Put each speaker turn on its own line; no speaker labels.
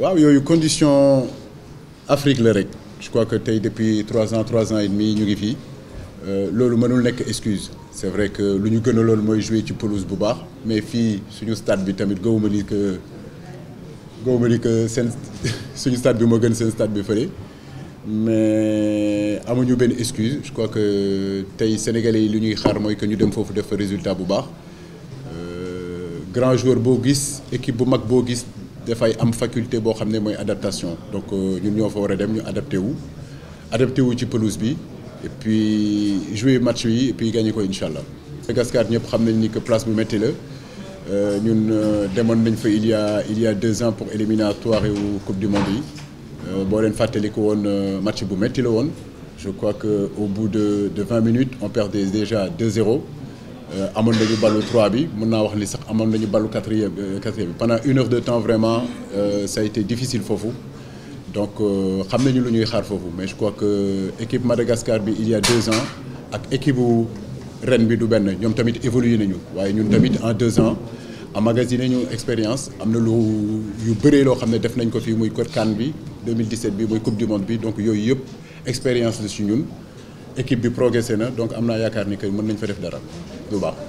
waaw yooyu condition Afrique la rek je crois que tey depuis trois ans trois ans et demi ñu ngi fii euh, loolu mënul nekk excuse c'est vrai que lu ñu gën a loolu mooy jouer ci pelouse bu baax mais fii suñu stade bi tamit gëwuma ni que gëwuma ni que seen suñu stade bi moo gën seen stade bi fële. mais amuñu benn excuse je crois que tey sénégalais yi li ñuy xaar mooy que ñu dem foofu def fa résultat bu baax euh, grand joueur boo gis équipe bu mag boo gis dafay am faculté boo xam ne mooy adaptation donc euh, ñun ñoo fa war a dem ñu adapté wu adapté wu ci pelouse bi et puis jouer match yi et puis gagné koy incha allah. Madagascar ñëpp xam nañ ni que place bu métti la euh, ñun demoon nañ fa il y a il y a deux ans pour éliminatoire yu coupe du monde yi. Euh, boo leen fàttaliku woon euh, match bu métti la woon je crois que au bout de de vingt minutes on perdait déjà 2-0 euh, amoon nañu ballu 3 bi mën naa wax ni sax amoon nañu ballu quatrième quatrième bi pendant une heure de temps vraiment euh, ça été difficile foofu donc xam nañu lu ñuy xaar foofu mais je crois que équipe Madagascar bi il y a ans ak équipe bu ren bi du benn ñoom tamit évolué nañu waaye ñun tamit en deux ans amagasiné nañu expérience am na lu yu bëree loo xam ne def nañ ko fii muy code CAN bi. 2017 bi mooy coupe du monde bi donc yooyu yëpp expérience la si ñun équipe bi progressé na donc am naa yaakaar ni que mën nañ fa def dara lu baax.